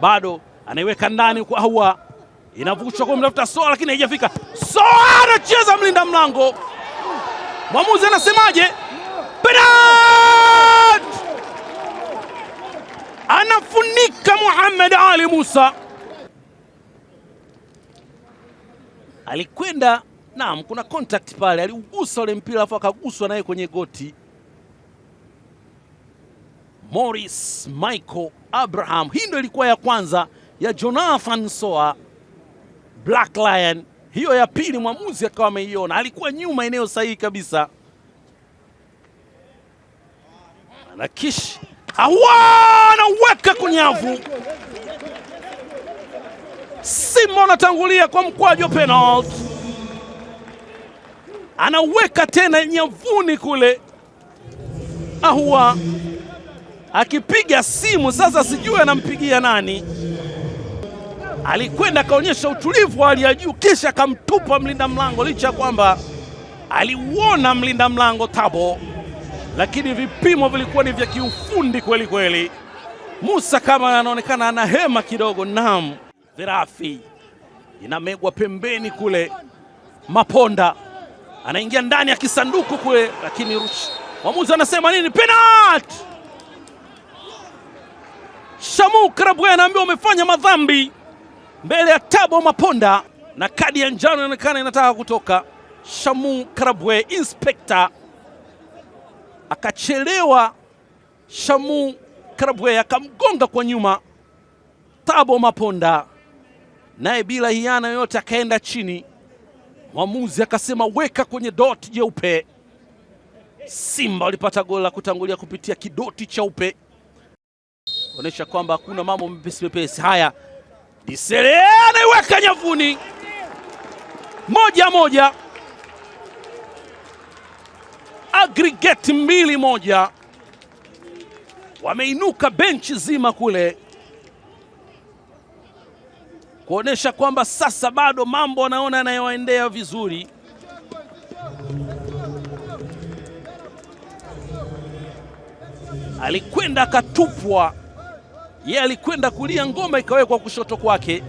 bado anaiweka ndani kwa Ahoua, inavushwa mtafuta Soa lakini haijafika. Soa anacheza mlinda mlango, mwamuzi anasemaje? Penalti! Anafunika Muhammad Ali Musa, alikwenda naam, kuna contact pale, aliugusa ule mpira afu akaguswa naye kwenye goti. Morris Michael Abraham. Hii ndio ilikuwa ya kwanza ya Jonathan Soa Black Lion. Hiyo ya pili mwamuzi akawa ameiona, alikuwa nyuma eneo sahihi kabisa, na kish awa anaweka kunyavu. Simba anatangulia kwa mkwaju wa penalti, anaweka tena nyavuni kule, ahua akipiga simu sasa, sijui anampigia nani. Alikwenda akaonyesha utulivu wa hali ya juu, kisha akamtupa mlinda mlango, licha ya kwamba aliuona mlinda mlango Tabo, lakini vipimo vilikuwa ni vya kiufundi kweli kweli. Musa kama anaonekana ana hema kidogo. Naam, Dhirafi inamegwa pembeni kule, Maponda anaingia ndani ya kisanduku kule, lakini mwamuzi anasema nini? Penalti! Shamu Karabwe anaambiwa amefanya madhambi mbele ya Tabo Maponda na kadi ya njano inaonekana inataka kutoka. Shamu Karabwe inspekta akachelewa, Shamu Karabwe akamgonga kwa nyuma Tabo Maponda, naye bila hiana yoyote akaenda chini. Mwamuzi akasema weka kwenye doti jeupe. Simba walipata goli la kutangulia kupitia kidoti cheupe onyesha kwamba hakuna mambo mepesi mepesi haya. disere anaiweka nyavuni moja moja, aggregate mbili moja, wameinuka benchi zima kule kuonesha kwamba sasa bado mambo wanaona yanayoendea vizuri. Alikwenda akatupwa yeye alikwenda kulia, ngoma ikawekwa kushoto kwake.